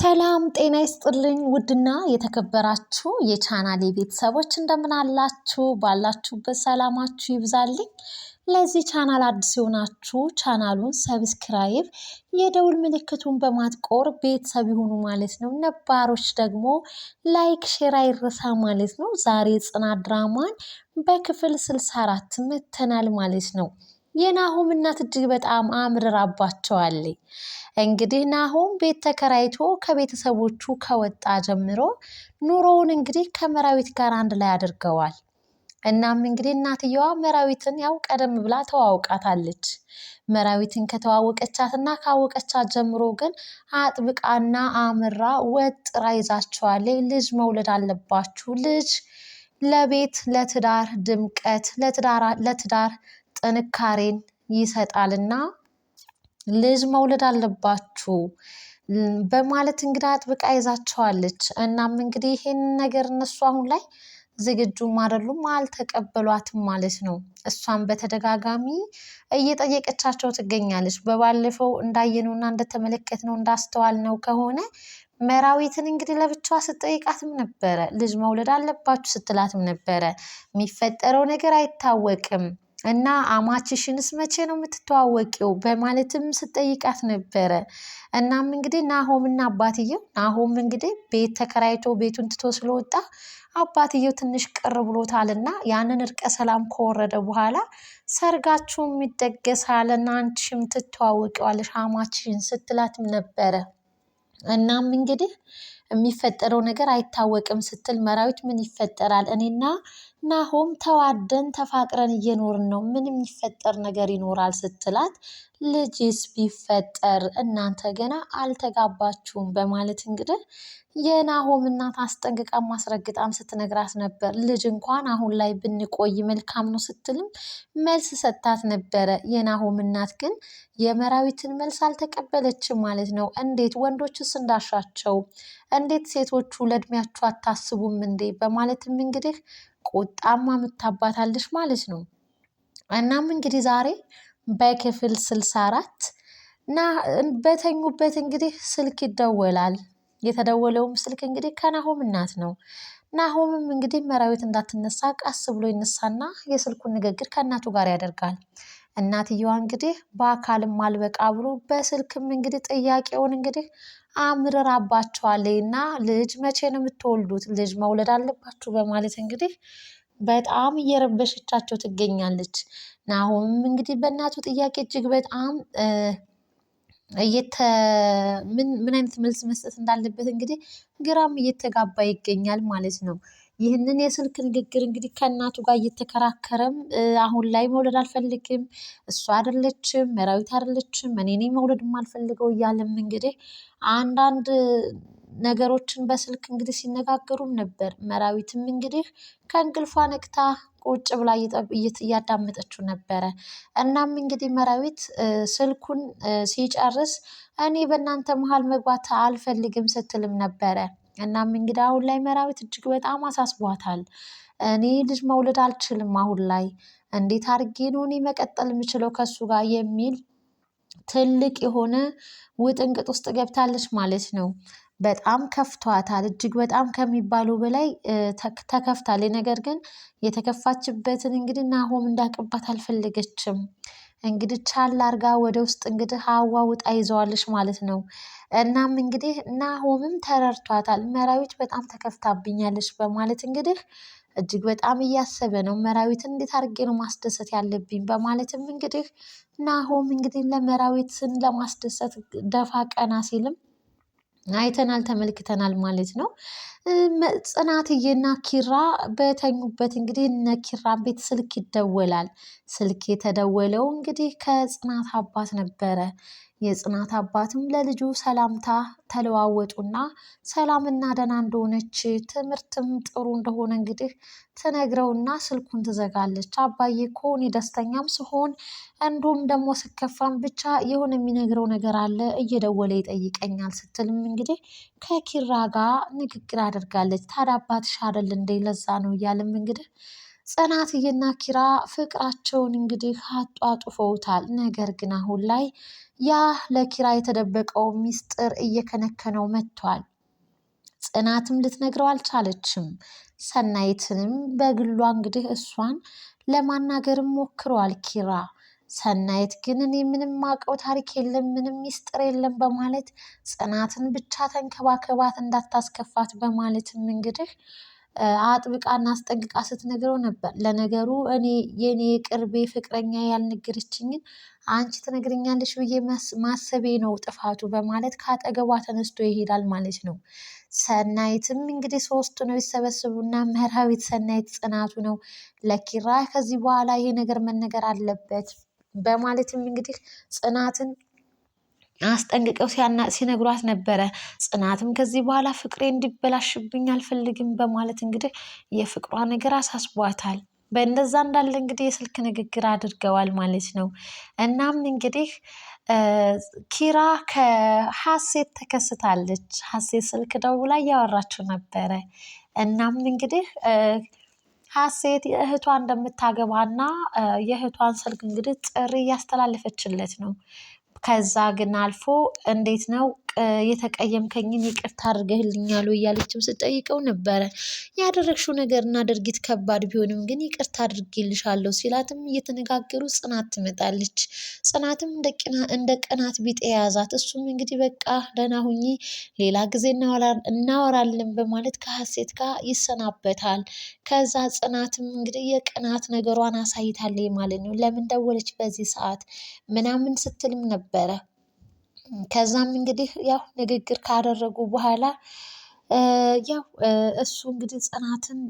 ሰላም ጤና ይስጥልኝ። ውድና የተከበራችሁ የቻናሌ ቤተሰቦች እንደምን አላችሁ? ባላችሁበት ሰላማችሁ ይብዛልኝ። ለዚህ ቻናል አዲስ የሆናችሁ ቻናሉን ሰብስክራይብ፣ የደውል ምልክቱን በማጥቆር ቤተሰብ ይሁኑ ማለት ነው። ነባሮች ደግሞ ላይክ፣ ሼር አይረሳ ማለት ነው። ዛሬ ጽናት ድራማን በክፍል ስልሳ አራት መተናል ማለት ነው። የናሆም እናት እጅግ በጣም አምርራባቸዋለኝ። እንግዲህ ናሆም ቤት ተከራይቶ ከቤተሰቦቹ ከወጣ ጀምሮ ኑሮውን እንግዲህ ከመራዊት ጋር አንድ ላይ አድርገዋል። እናም እንግዲህ እናትየዋ መራዊትን ያው ቀደም ብላ ተዋውቃታለች። መራዊትን ከተዋወቀቻትና ካወቀቻት ጀምሮ ግን አጥብቃና አምራ ወጥራ ይዛቸዋለች። ልጅ መውለድ አለባችሁ ልጅ ለቤት ለትዳር ድምቀት ለትዳር ጥንካሬን ይሰጣልና ልጅ መውለድ አለባችሁ በማለት እንግዲህ አጥብቃ ይዛቸዋለች። እናም እንግዲህ ይሄን ነገር እነሱ አሁን ላይ ዝግጁም አይደሉም፣ አልተቀበሏትም ማለት ነው። እሷም በተደጋጋሚ እየጠየቀቻቸው ትገኛለች። በባለፈው እንዳየነውና እንደተመለከትነው እንዳስተዋልነው ከሆነ መራዊትን እንግዲህ ለብቻዋ ስትጠይቃትም ነበረ። ልጅ መውለድ አለባችሁ ስትላትም ነበረ። የሚፈጠረው ነገር አይታወቅም እና አማችሽንስ መቼ ነው የምትተዋወቂው? በማለትም ስጠይቃት ነበረ። እናም እንግዲህ ናሆምና አባትየው ናሆም እንግዲህ ቤት ተከራይቶ ቤቱን ትቶ ስለወጣ አባትየው ትንሽ ቅር እና ያንን እርቀ ሰላም ከወረደ በኋላ ሰርጋችሁም ይደገሳል እና አንቺም ትተዋወቂዋለሽ አማችሽን ስትላትም ነበረ። እናም እንግዲህ የሚፈጠረው ነገር አይታወቅም ስትል መራዊት ምን ይፈጠራል እኔና ናሆም ተዋደን ተፋቅረን እየኖርን ነው፣ ምንም የሚፈጠር ነገር ይኖራል ስትላት ልጅስ ቢፈጠር እናንተ ገና አልተጋባችሁም በማለት እንግዲህ የናሆም እናት አስጠንቅቃም ማስረግጣም ስትነግራት ነበር። ልጅ እንኳን አሁን ላይ ብንቆይ መልካም ነው ስትልም መልስ ሰጥታት ነበረ። የናሆም እናት ግን የመራዊትን መልስ አልተቀበለችም ማለት ነው። እንዴት ወንዶችስ እንዳሻቸው፣ እንዴት ሴቶቹ ለእድሜያችሁ አታስቡም እንዴ? በማለትም እንግዲህ ቁጣማ ምታባታለች ማለት ነው። እናም እንግዲህ ዛሬ በክፍል ስልሳ አራት እና በተኙበት እንግዲህ ስልክ ይደወላል። የተደወለውም ስልክ እንግዲህ ከናሆም እናት ነው። ናሆምም እንግዲህ መራዊት እንዳትነሳ ቀስ ብሎ ይነሳና የስልኩን ንግግር ከእናቱ ጋር ያደርጋል። እናትየዋ እንግዲህ በአካልም አልበቃ ብሎ በስልክም እንግዲህ ጥያቄውን እንግዲህ አምርራባቸዋለች እና ልጅ መቼ ነው የምትወልዱት? ልጅ መውለድ አለባችሁ በማለት እንግዲህ በጣም እየረበሸቻቸው ትገኛለች። ናሆም እንግዲህ በእናቱ ጥያቄ እጅግ በጣም ምን አይነት መልስ መስጠት እንዳለበት እንግዲህ ግራም እየተጋባ ይገኛል ማለት ነው። ይህንን የስልክ ንግግር እንግዲህ ከእናቱ ጋር እየተከራከረም አሁን ላይ መውለድ አልፈልግም፣ እሷ አይደለችም፣ መራዊት አይደለችም፣ እኔ ነኝ መውለድም አልፈልገው እያለም እንግዲህ አንዳንድ ነገሮችን በስልክ እንግዲህ ሲነጋገሩም ነበር። መራዊትም እንግዲህ ከእንቅልፏ ነቅታ ቁጭ ብላ እያዳመጠችው ነበረ። እናም እንግዲህ መራዊት ስልኩን ሲጨርስ እኔ በእናንተ መሀል መግባት አልፈልግም ስትልም ነበረ። እናም እንግዲህ አሁን ላይ መራዊት እጅግ በጣም አሳስቧታል። እኔ ልጅ መውለድ አልችልም አሁን ላይ እንዴት አድርጌ ነው እኔ መቀጠል የምችለው ከእሱ ጋር የሚል ትልቅ የሆነ ውጥንቅጥ ውስጥ ገብታለች ማለት ነው። በጣም ከፍቷታል እጅግ በጣም ከሚባለው በላይ ተከፍታለች። ነገር ግን የተከፋችበትን እንግዲህ ናሆም እንዳቅባት አልፈለገችም። እንግዲህ ቻል ወደ ውስጥ እንግዲህ ውጣ ይዘዋለች ማለት ነው። እናም እንግዲህ ናሆምም ተረድቷታል መራዊት በጣም ተከፍታብኛለች በማለት እንግዲህ እጅግ በጣም እያሰበ ነው። መራዊት እንዴት አድርጌ ነው ማስደሰት ያለብኝ በማለትም እንግዲህ ናሆም እንግዲህ ለመራዊትን ለማስደሰት ደፋ ቀና ሲልም አይተናል ተመልክተናል ማለት ነው። ጽናትዬና ኪራ በተኙበት እንግዲህ እነ ኪራን ቤት ስልክ ይደወላል። ስልክ የተደወለው እንግዲህ ከጽናት አባት ነበረ። የጽናት አባትም ለልጁ ሰላምታ ተለዋወጡና ሰላምና ደህና እንደሆነች ትምህርትም ጥሩ እንደሆነ እንግዲህ ትነግረውና ስልኩን ትዘጋለች። አባዬ እኮ እኔ ደስተኛም ስሆን እንዲሁም ደግሞ ስከፋም ብቻ የሆነ የሚነግረው ነገር አለ እየደወለ ይጠይቀኛል ስትልም እንግዲህ ከኪራ ጋር ንግግር አድርጋለች። ታዲያ አባትሽ አይደል እንዴ ለዛ ነው እያልም እንግዲህ ጽናትዬና ኪራ ፍቅራቸውን እንግዲህ አጧጡፈውታል። ነገር ግን አሁን ላይ ያ ለኪራ የተደበቀው ሚስጥር እየከነከነው መጥቷል። ጽናትም ልትነግረው አልቻለችም። ሰናይትንም በግሏ እንግዲህ እሷን ለማናገርም ሞክሯል ኪራ። ሰናይት ግን እኔ ምንም አውቀው ታሪክ የለም፣ ምንም ሚስጥር የለም በማለት ጽናትን ብቻ ተንከባከባት እንዳታስከፋት በማለትም እንግዲህ አጥብቃና አስጠንቅቃ ስትነግረው ነበር። ለነገሩ እኔ የኔ ቅርቤ ፍቅረኛ ያልነገረችኝን አንቺ ትነግረኛለሽ ብዬ ማሰቤ ነው ጥፋቱ በማለት ከአጠገቧ ተነስቶ ይሄዳል ማለት ነው። ሰናይትም እንግዲህ ሶስቱ ነው ይሰበስቡና ምህራዊት፣ ሰናይት ጽናቱ ነው ለኪራ ከዚህ በኋላ ይሄ ነገር መነገር አለበት በማለትም እንግዲህ ጽናትን አስጠንቅቀው ሲነግሯት ነበረ። ጽናትም ከዚህ በኋላ ፍቅሬ እንዲበላሽብኝ አልፈልግም በማለት እንግዲህ የፍቅሯ ነገር አሳስቧታል። በእንደዛ እንዳለ እንግዲህ የስልክ ንግግር አድርገዋል ማለት ነው። እናም እንግዲህ ኪራ ከሀሴት ተከስታለች። ሀሴት ስልክ ደውላ እያወራችው ነበረ። እናም እንግዲህ ሀሴት የእህቷ እንደምታገባና የእህቷን ስልክ እንግዲህ ጥሪ እያስተላለፈችለት ነው። ከዛ ግን አልፎ እንዴት ነው የተቀየምከኝን ይቅርታ አድርገህልኛል ወይ እያለችም ስጠይቀው ነበረ። ያደረግሽው ነገርና ድርጊት ከባድ ቢሆንም ግን ይቅርታ አድርጌልሻለሁ ሲላትም እየተነጋገሩ ጽናት ትመጣለች። ጽናትም እንደ ቅናት ቢጤ የያዛት እሱም እንግዲህ በቃ ደህና ሁኚ ሌላ ጊዜ እናወራለን በማለት ከሀሴት ጋር ይሰናበታል። ከዛ ጽናትም እንግዲህ የቅናት ነገሯን አሳይታለች ማለት ነው። ለምን ደወለች በዚህ ሰዓት ምናምን ስትልም ነበረ። ከዛም እንግዲህ ያው ንግግር ካደረጉ በኋላ ያው እሱ እንግዲህ ጽናትን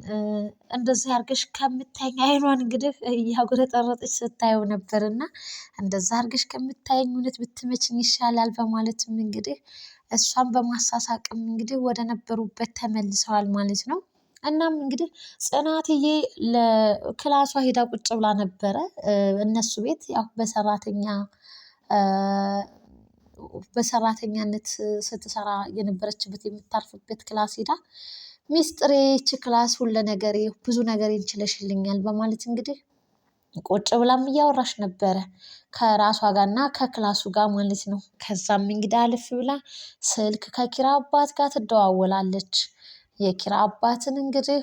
እንደዚህ አርገሽ ከምታይኝ አይኗን እንግዲህ እያጉረጠረጠች ስታየው ነበር እና እንደዚህ አርገሽ ከምታይኝ እውነት ብትመችኝ ይሻላል በማለትም እንግዲህ እሷን በማሳሳቅም እንግዲህ ወደ ነበሩበት ተመልሰዋል ማለት ነው። እናም እንግዲህ ጽናትዬ ለክላሷ ሄዳ ቁጭ ብላ ነበረ እነሱ ቤት ያው በሰራተኛ በሰራተኛነት ስትሰራ የነበረችበት የምታርፍበት ክላስ ሄዳ ሚስጥሬ ክላስ ሁለ ነገሬ ብዙ ነገር ይችለሽልኛል በማለት እንግዲህ ቆጭ ብላም እያወራሽ ነበረ ከራሷ ጋር እና ከክላሱ ጋር ማለት ነው። ከዛም እንግዲህ አልፍ ብላ ስልክ ከኪራ አባት ጋር ትደዋወላለች። የኪራ አባትን እንግዲህ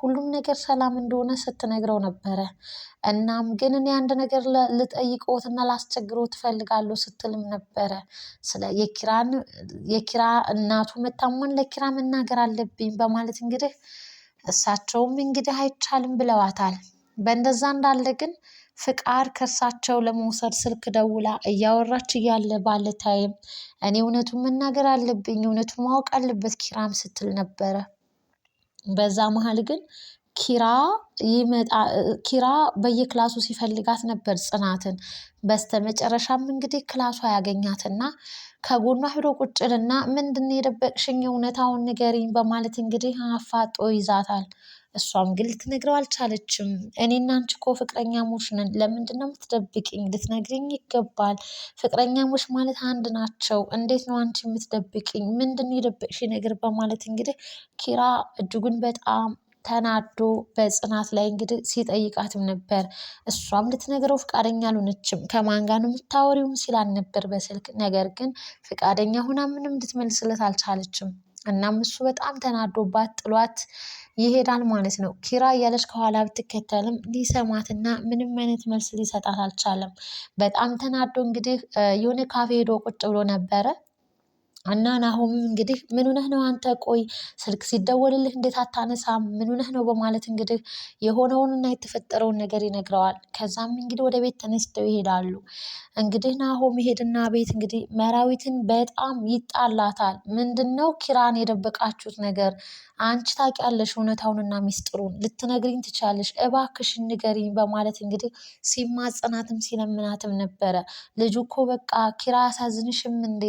ሁሉም ነገር ሰላም እንደሆነ ስትነግረው ነበረ። እናም ግን እኔ አንድ ነገር ልጠይቅዎትና ላስቸግሮት ትፈልጋለ ስትልም ነበረ። ስለ የኪራን የኪራ እናቱ መታሟን ለኪራ መናገር አለብኝ በማለት እንግዲህ እሳቸውም እንግዲህ አይቻልም ብለዋታል። በእንደዛ እንዳለ ግን ፍቃድ ከእርሳቸው ለመውሰድ ስልክ ደውላ እያወራች እያለ ባለታይም እኔ እውነቱን መናገር አለብኝ እውነቱን ማወቅ አለበት ኪራም ስትል ነበረ። በዛ መሀል ግን ኪራ ይመጣ ኪራ በየክላሱ ሲፈልጋት ነበር ጽናትን። በስተመጨረሻም እንግዲህ ክላሷ ያገኛትና ከጎኗ ሂዶ ቁጭልና ምንድን የደበቅሽኝ እውነታውን ንገሪኝ በማለት እንግዲህ አፋጦ ይዛታል። እሷም ግን ልትነግረው አልቻለችም። እኔና አንቺ እኮ ፍቅረኛሞች ነን፣ ለምንድን ነው የምትደብቅኝ? ልትነግሪኝ ይገባል። ፍቅረኛሞች ማለት አንድ ናቸው። እንዴት ነው አንቺ የምትደብቅኝ? ምንድን የደበቅሽ ነገር በማለት እንግዲህ ኪራ እጅጉን በጣም ተናዶ በጽናት ላይ እንግዲህ ሲጠይቃትም ነበር። እሷም ልትነግረው ፍቃደኛ አልሆነችም። ከማን ጋር ነው የምታወሪውም ሲላል ነበር በስልክ ነገር ግን ፍቃደኛ ሆና ምንም እንድትመልስለት አልቻለችም። እናም እሱ በጣም ተናዶባት ጥሏት ይሄዳል ማለት ነው። ኪራ እያለች ከኋላ ብትከተልም ሊሰማትና ምንም አይነት መልስ ሊሰጣት አልቻለም። በጣም ተናዶ እንግዲህ የሆነ ካፌ ሄዶ ቁጭ ብሎ ነበረ። ሀና ናሆምም እንግዲህ ምን ሆነህ ነው አንተ? ቆይ ስልክ ሲደወልልህ እንዴት አታነሳም? ምን ሆነህ ነው በማለት እንግዲህ የሆነውንና የተፈጠረውን ነገር ይነግረዋል። ከዛም እንግዲህ ወደ ቤት ተነስተው ይሄዳሉ። እንግዲህ ናሆም ይሄድና ቤት እንግዲህ መራዊትን በጣም ይጣላታል። ምንድን ነው ኪራን የደበቃችሁት ነገር? አንቺ ታውቂያለሽ እውነታውንና ሚስጥሩን ልትነግሪኝ ትቻለሽ፣ እባክሽን ንገሪኝ በማለት እንግዲህ ሲማጸናትም ሲለምናትም ነበረ። ልጁ እኮ በቃ ኪራ ያሳዝንሽም እንዴ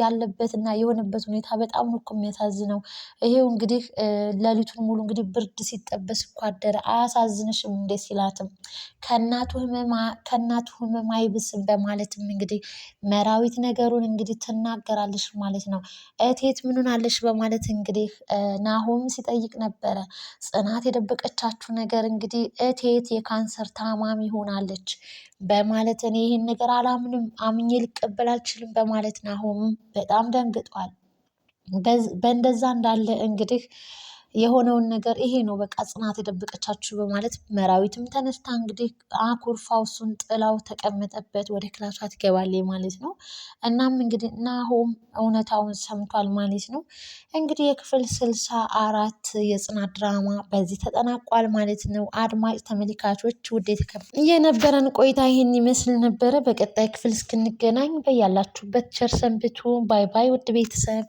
ያለበት እና የሆነበት ሁኔታ በጣም ነው እኮ የሚያሳዝነው። ይሄው እንግዲህ ሌሊቱን ሙሉ እንግዲህ ብርድ ሲጠበስ እኮ አደረ። አያሳዝንሽም እንዴ ሲላትም ከእናቱ ህመም አይብስም በማለትም እንግዲህ መራዊት ነገሩን እንግዲህ ትናገራለሽ ማለት ነው። እቴት ምንሆናለሽ በማለት እንግዲህ ናሆም ሲጠይቅ ነበረ። ጽናት የደበቀቻችሁ ነገር እንግዲህ እቴት የካንሰር ታማሚ ሆናለች በማለት እኔ ይህን ነገር አላምንም አምኜ ልቀበል አልችልም በማለት ናሆምም በጣም ደንግጧል። በእንደዛ እንዳለ እንግዲህ የሆነውን ነገር ይሄ ነው በቃ ጽናት የደበቀቻችሁ በማለት መራዊትም ተነስታ እንግዲህ አኩርፋው እሱን ጥላው ተቀመጠበት። ወደ ክላሷ ትገባለች ማለት ነው። እናም እንግዲህ ናሆም እውነታውን ሰምቷል ማለት ነው። እንግዲህ የክፍል ስልሳ አራት የጽናት ድራማ በዚህ ተጠናቋል ማለት ነው። አድማጭ ተመልካቾች ከ የነበረን ቆይታ ይህን ይመስል ነበረ። በቀጣይ ክፍል እስክንገናኝ በያላችሁበት ቸር ሰንብቱ። ባይ ባይ ውድ ቤተሰብ